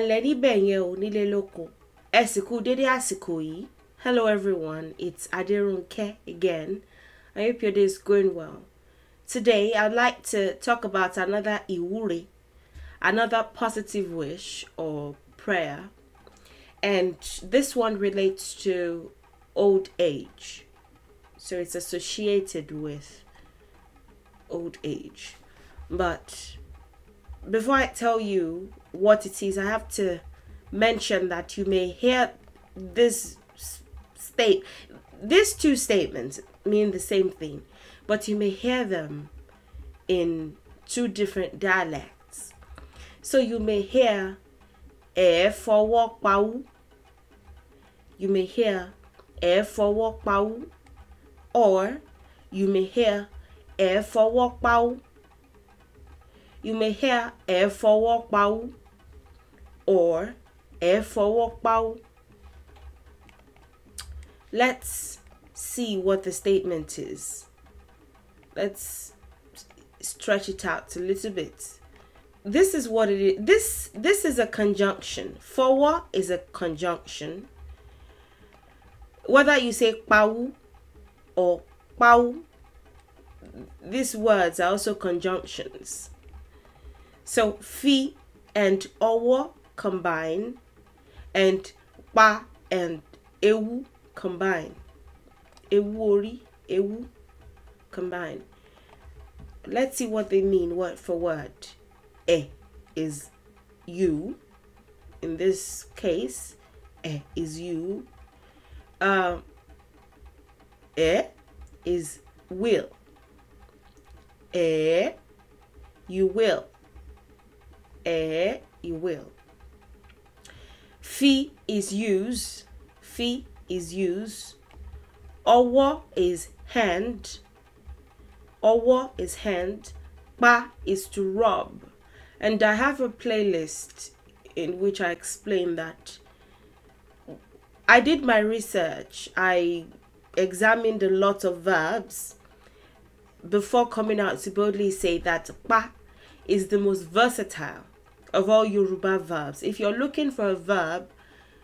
níbẹ̀ yẹn ò nílé lóko ẹ sì kú dédé àsìkò yìí hello everyone it's Aderunke again I hope your day is going well today I'd like to talk about another iwure another positive wish or prayer and this one relates to old age so it's associated with old age but before I tell you what it is, I have to mention that you may hear this state, these two statements mean the same thing, but you may hear them in two different dialects. So you may hear "air for walk pau. You may hear "air for walk pau, or you may hear "air for walk pau. You may hear "air for walk pau or efowopawo. Let's see what the statement is. Let's stretch it out a little bit. This is what it is. This this is a conjunction. Forward is a conjunction. Whether you say pau or pau, these words are also conjunctions. So fi and owo combine and pa and ewu combine. Ewu ori, ewu combine. Let's see what they mean word for word. E is you. In this case, e is you. Uh, e is will. E, you will. E, you will. Fi is use. Fi is use. Owo is hand. Owo is hand. Ba is to rub. And I have a playlist in which I explain that. I did my research. I examined a lot of verbs before coming out to boldly say that pa is the most versatile of all Yoruba verbs. If you're looking for a verb,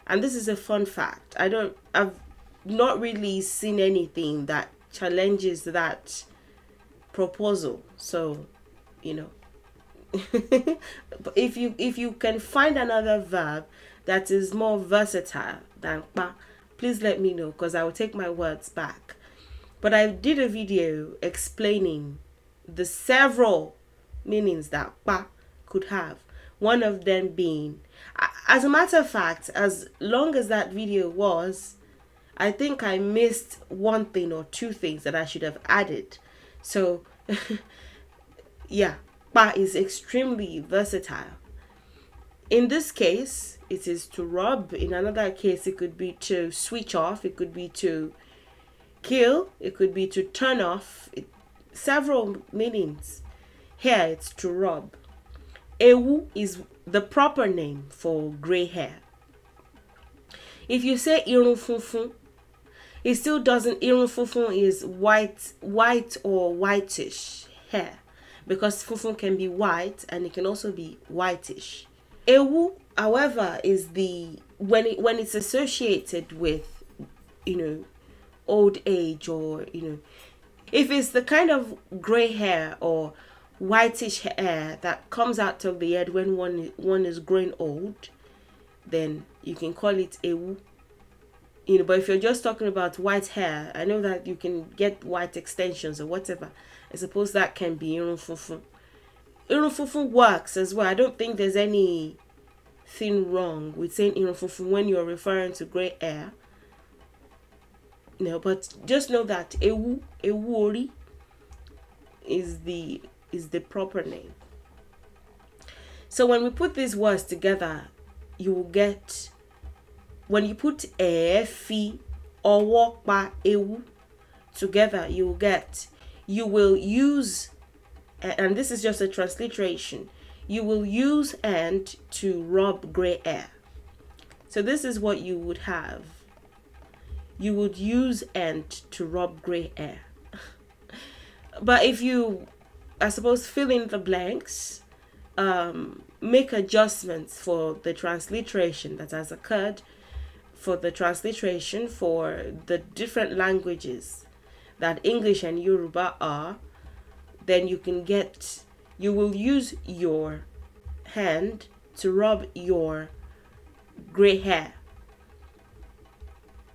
and this is a fun fact, I don't, I've not really seen anything that challenges that proposal. So, you know, if you if you can find another verb that is more versatile than pa, please let me know because I will take my words back. But I did a video explaining the several meanings that pa could have one of them being. As a matter of fact, as long as that video was, I think I missed one thing or two things that I should have added. So, yeah, pa is extremely versatile. In this case, it is to rob. In another case, it could be to switch off. It could be to kill. It could be to turn off. It, several meanings. Here, it's to rob. Ewu is the proper name for gray hair. If you say irun it still doesn't irun is white white or whitish hair because funfun can be white and it can also be whitish. Ewu, however, is the when it, when it's associated with you know old age or you know if it's the kind of gray hair or whitish hair that comes out of the head when one one is growing old, then you can call it ewu. You know, but if you're just talking about white hair, I know that you can get white extensions or whatever. I suppose that can be irunfunfun. Irunfunfun works as well. I don't think there's anything wrong with saying irunfunfun when you're referring to grey hair. No, but just know that ewu ewu is the is the proper name. So when we put these words together, you will get when you put efi or wokpa ewu together, you will get you will use and this is just a transliteration. You will use and to rub gray air. So this is what you would have. You would use and to rub gray air. but if you I suppose, fill in the blanks, um, make adjustments for the transliteration that has occurred, for the transliteration for the different languages that English and Yoruba are, then you can get, you will use your hand to rub your gray hair.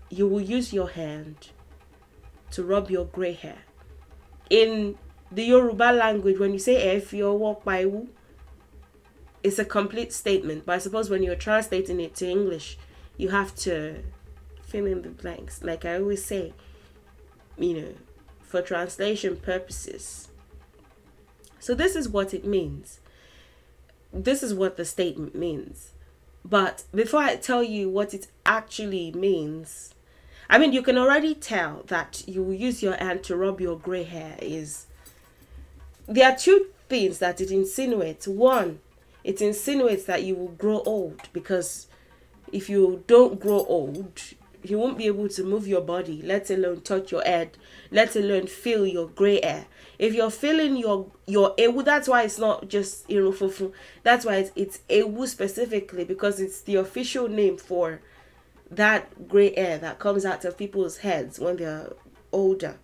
You will use your hand to rub your gray hair. In the Yoruba language, when you say if you walk by who, it's a complete statement. But I suppose when you're translating it to English, you have to fill in the blanks. Like I always say, you know, for translation purposes. So this is what it means. This is what the statement means. But before I tell you what it actually means, I mean, you can already tell that you use your hand to rub your gray hair is there are two things that it insinuates. One, it insinuates that you will grow old because if you don't grow old, you won't be able to move your body, let alone touch your head, let alone feel your gray hair. If you're feeling your your ewu, that's why it's not just irufufu. That's why it's, it's ewu specifically because it's the official name for that gray hair that comes out of people's heads when they're older.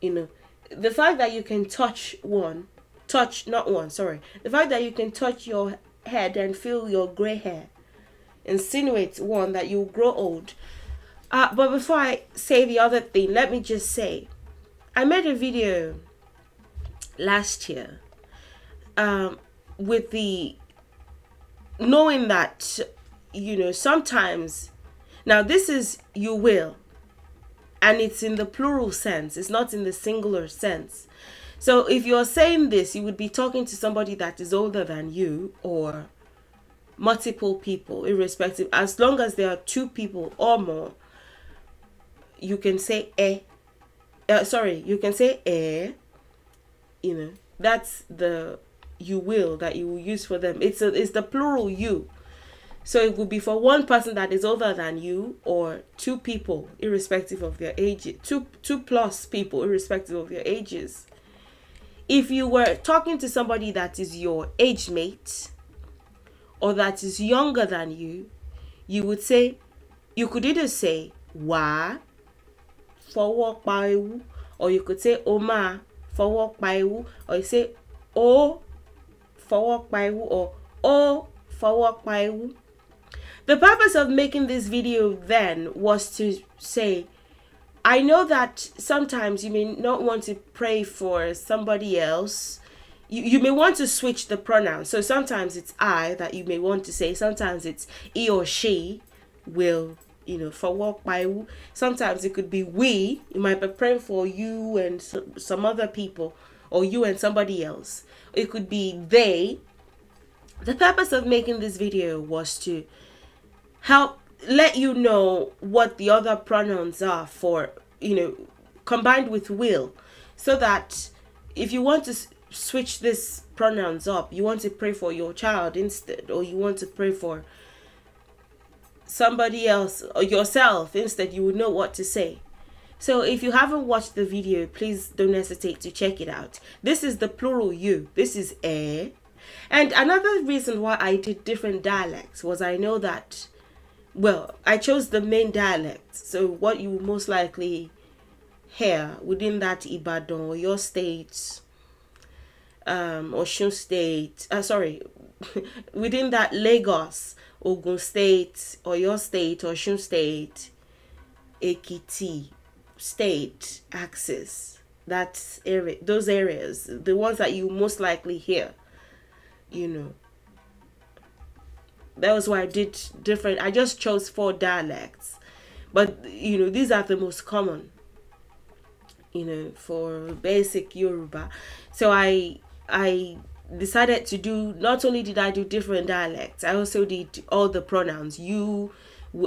You know, the fact that you can touch one, touch, not one, sorry, the fact that you can touch your head and feel your gray hair insinuates one that you grow old. Uh, but before I say the other thing, let me just say I made a video last year um, with the knowing that, you know, sometimes, now this is you will, and it's in the plural sense, it's not in the singular sense. So if you're saying this, you would be talking to somebody that is older than you or multiple people, irrespective. As long as there are two people or more, you can say eh. Uh, sorry, you can say eh. You know, that's the you will that you will use for them. It's a, it's the plural you. So it would be for one person that is older than you or two people irrespective of their ages, two two plus people irrespective of their ages. If you were talking to somebody that is your age mate or that is younger than you, you would say you could either say wa walk by ewu or you could say oma for walk by ewu or you say o walk by ewu or o walk by ewu. The purpose of making this video then was to say, I know that sometimes you may not want to pray for somebody else. You, you may want to switch the pronoun. So sometimes it's I that you may want to say. Sometimes it's he or she will, you know, for walk by. Sometimes it could be we. You might be praying for you and some other people or you and somebody else. It could be they. The purpose of making this video was to help let you know what the other pronouns are for, you know, combined with will, so that if you want to switch these pronouns up, you want to pray for your child instead, or you want to pray for somebody else or yourself instead, you would know what to say. So if you haven't watched the video, please don't hesitate to check it out. This is the plural you. This is a. Eh. And another reason why I did different dialects was I know that well, I chose the main dialect. So what you most likely hear within that Ibadan or your state, um, Shun State, uh, sorry, within that Lagos, Ogun State, or your state, or Shun State, Ekiti State axis, that area, those areas, the ones that you most likely hear, you know that was why I did different. I just chose four dialects, but you know these are the most common. You know for basic Yoruba, so I I decided to do. Not only did I do different dialects, I also did all the pronouns you,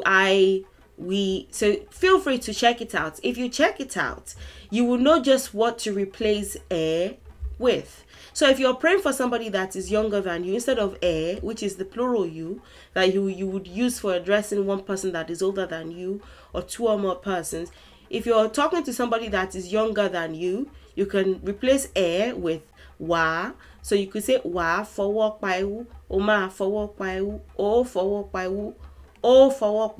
I, we. So feel free to check it out. If you check it out, you will know just what to replace a with. So if you're praying for somebody that is younger than you, instead of a, which is the plural you, that you, you would use for addressing one person that is older than you or two or more persons, if you're talking to somebody that is younger than you, you can replace a with wa. So you could say wa forward paiwu, oma forward paiwu, o forward paiwu, all for what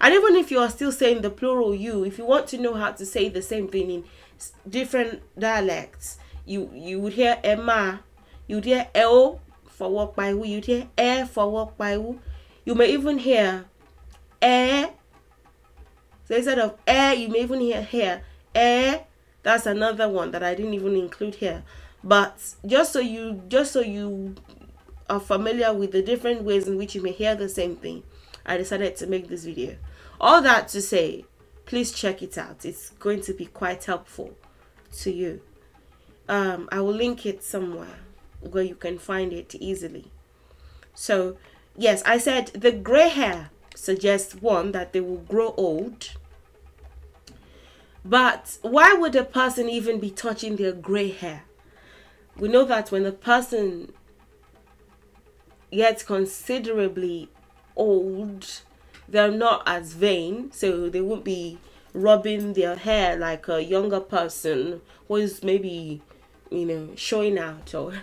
and even if you are still saying the plural you if you want to know how to say the same thing in different dialects you you would hear Emma, you'd hear L for walk by who, you'd hear air for walk by who. You may even hear air. So instead of air, you may even hear here air. That's another one that I didn't even include here. But just so you just so you are familiar with the different ways in which you may hear the same thing, I decided to make this video. All that to say, please check it out. It's going to be quite helpful to you um, I will link it somewhere where you can find it easily. So, yes, I said the gray hair suggests one that they will grow old. But why would a person even be touching their gray hair? We know that when a person gets considerably old, they're not as vain, so they won't be rubbing their hair like a younger person who is maybe you know showing out or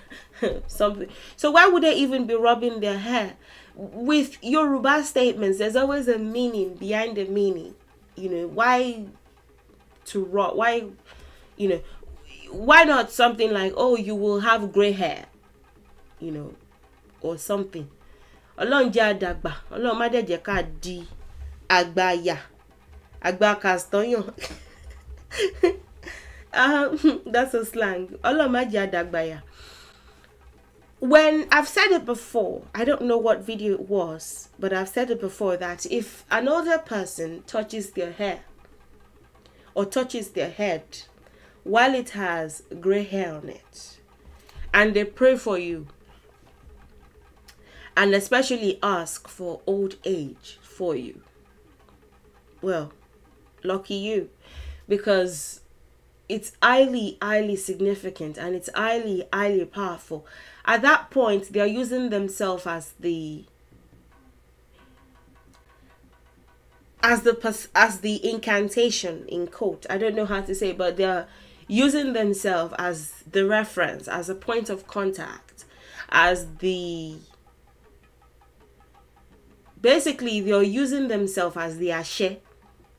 something so why would they even be rubbing their hair with your yoruba statements there's always a meaning behind the meaning you know why to rot why you know why not something like oh you will have gray hair you know or something ọlọ́run jẹ́ àdàgbà ọlọ́run má ká di àgbà ya, àgbà uh-huh. that's a slang. Olamaji Adagbaya. When I've said it before, I don't know what video it was, but I've said it before that if another person touches their hair or touches their head while it has gray hair on it and they pray for you and especially ask for old age for you, well, lucky you because it's highly, highly significant and it's highly, highly powerful. At that point, they are using themselves as the as the as the incantation in quote. I don't know how to say, it, but they are using themselves as the reference, as a point of contact, as the basically they are using themselves as the ashe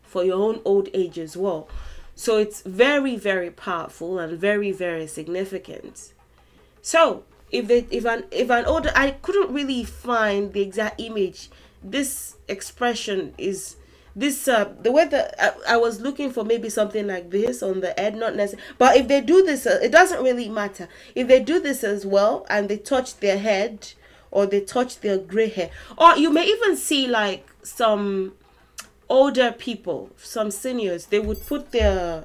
for your own old age as well. So it's very, very powerful and very, very significant. So if they, if an if an older I couldn't really find the exact image. This expression is this uh the way that I, I was looking for maybe something like this on the head, not necessarily. But if they do this, uh, it doesn't really matter. If they do this as well and they touch their head or they touch their gray hair, or you may even see like some older people, some seniors, they would put their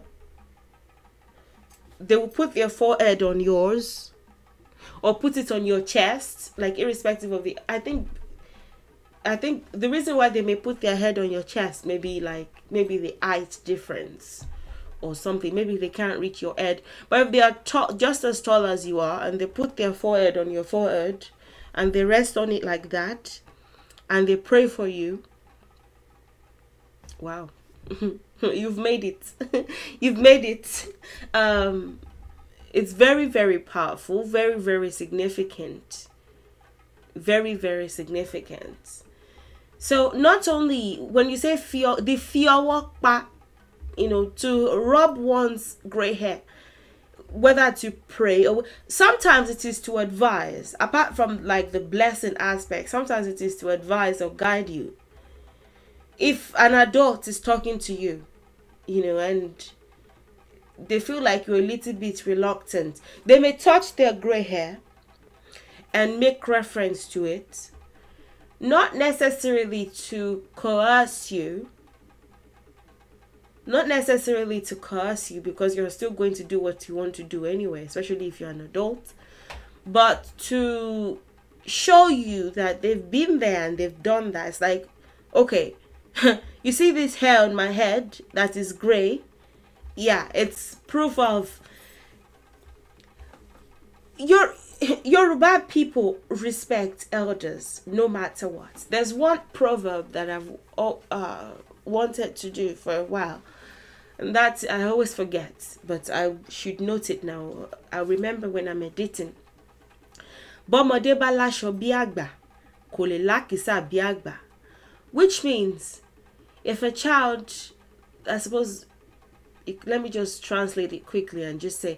they would put their forehead on yours or put it on your chest, like irrespective of the I think I think the reason why they may put their head on your chest maybe like maybe the height difference or something. Maybe they can't reach your head. But if they are tall just as tall as you are and they put their forehead on your forehead and they rest on it like that and they pray for you, wow you've made it you've made it um it's very very powerful very very significant very very significant so not only when you say fear the fear walk back you know to rub one's gray hair whether to pray or sometimes it is to advise apart from like the blessing aspect sometimes it is to advise or guide you if an adult is talking to you, you know, and they feel like you're a little bit reluctant, they may touch their gray hair and make reference to it, not necessarily to coerce you, not necessarily to curse you because you're still going to do what you want to do anyway, especially if you're an adult, but to show you that they've been there and they've done that. It's like, okay, you see this hair on my head that is gray? Yeah, it's proof of your Yoruba people respect elders no matter what. There's one proverb that I've oh, uh, wanted to do for a while, and that I always forget, but I should note it now. I remember when I'm editing. Bọ́mọdé bá láṣọ bí àgbà, kò which means if a child i suppose it, let me just translate it quickly and just say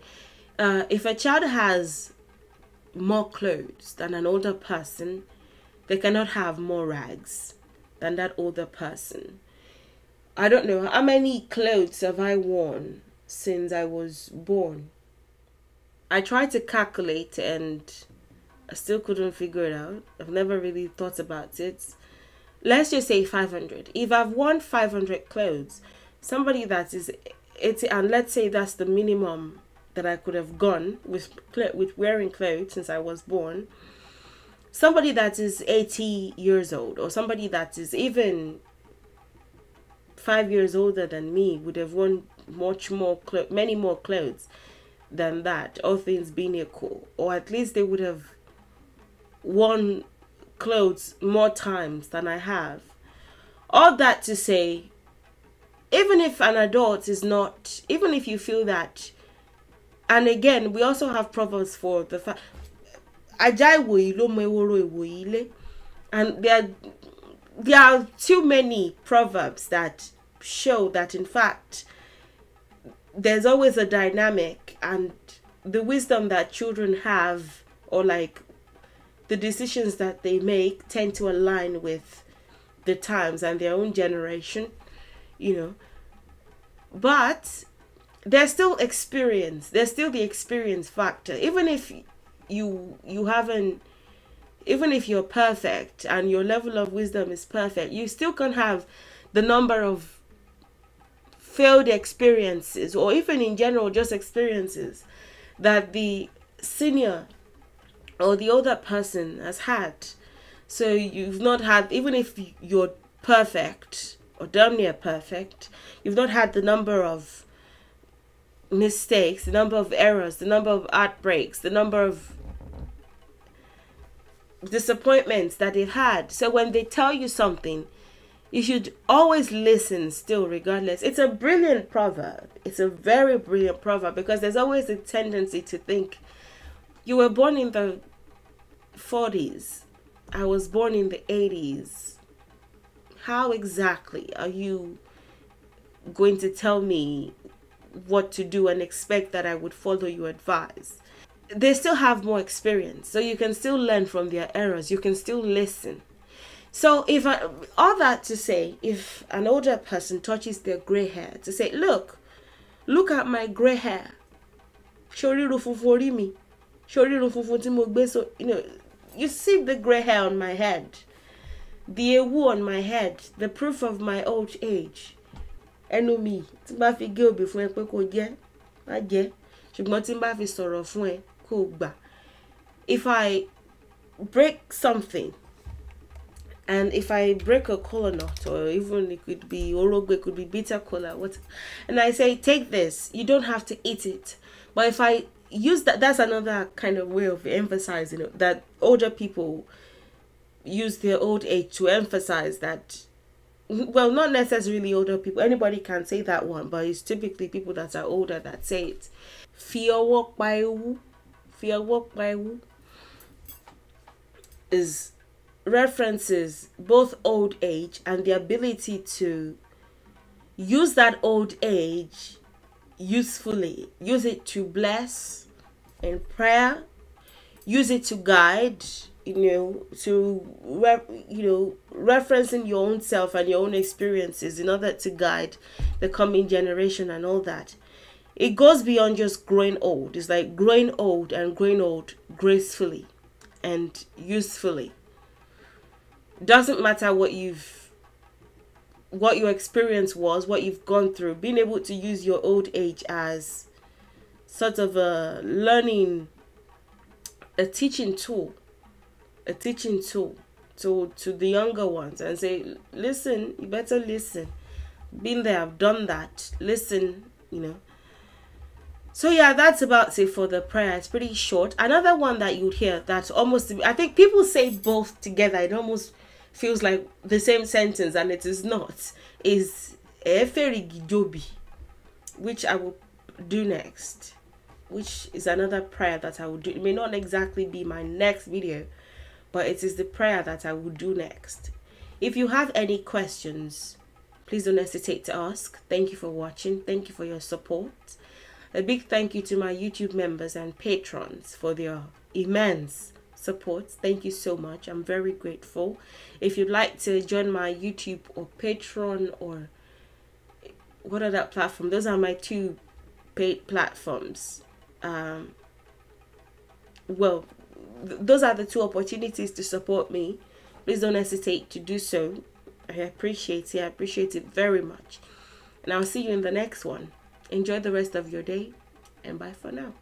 uh, if a child has more clothes than an older person they cannot have more rags than that older person i don't know how many clothes have i worn since i was born i tried to calculate and i still couldn't figure it out i've never really thought about it let's just say 500 if i've won 500 clothes somebody that is 80 and let's say that's the minimum that i could have gone with with wearing clothes since i was born somebody that is 80 years old or somebody that is even 5 years older than me would have won much more many more clothes than that all things being equal or at least they would have won clothes more times than I have. All that to say, even if an adult is not, even if you feel that, and again, we also have proverbs for the fact, and there there are too many proverbs that show that, in fact, there's always a dynamic and the wisdom that children have or like the decisions that they make tend to align with the times and their own generation, you know. But there's still experience. There's still the experience factor. Even if you you haven't even if you're perfect and your level of wisdom is perfect, you still can have the number of failed experiences or even in general just experiences that the senior or the other person has had. So you've not had, even if you're perfect or damn near perfect, you've not had the number of mistakes, the number of errors, the number of outbreaks, the number of disappointments that they've had. So when they tell you something, you should always listen still, regardless. It's a brilliant proverb. It's a very brilliant proverb because there's always a tendency to think you were born in the 40s. I was born in the 80s. How exactly are you going to tell me what to do and expect that I would follow your advice? They still have more experience, so you can still learn from their errors. You can still listen. So, if I, all that to say, if an older person touches their gray hair to say, "Look, look at my gray hair," shori rufu me so you know you see the grey hair on my head the ewu on my head the proof of my old age ẹnu mi tí n bá fi gé òbí fún ẹ pé kò jẹ má jẹ ṣùgbọ́n tí n bá fi sọ̀rọ̀ fún ẹ kò gbà if I break something and if I break a kola nut, or even it could be orogbe, it could be bitter kola, what, and I say, take this, you don't have to eat it. But if I use that that's another kind of way of emphasizing it, that older people use their old age to emphasize that well not necessarily older people anybody can say that one but it's typically people that are older that say it fear walk by fear walk by is references both old age and the ability to use that old age usefully. Use it to bless in prayer. Use it to guide, you know, to, you know, referencing your own self and your own experiences in order to guide the coming generation and all that. It goes beyond just growing old. It's like growing old and growing old gracefully and usefully. Doesn't matter what you've what your experience was, what you've gone through, being able to use your old age as sort of a learning, a teaching tool, a teaching tool to to the younger ones and say, listen, you better listen. Been there, I've done that. Listen, you know. So yeah, that's about it for the prayer. It's pretty short. Another one that you'd hear that's almost I think people say both together. It almost feels like the same sentence and it is not is Eferigidobi, which I will do next, which is another prayer that I will do. It may not exactly be my next video, but it is the prayer that I will do next. If you have any questions, please don't hesitate to ask. Thank you for watching. Thank you for your support. A big thank you to my YouTube members and patrons for their immense support thank you so much i'm very grateful if you'd like to join my youtube or patreon or what are that platform those are my two paid platforms um well th those are the two opportunities to support me please don't hesitate to do so i appreciate it i appreciate it very much and i'll see you in the next one enjoy the rest of your day and bye for now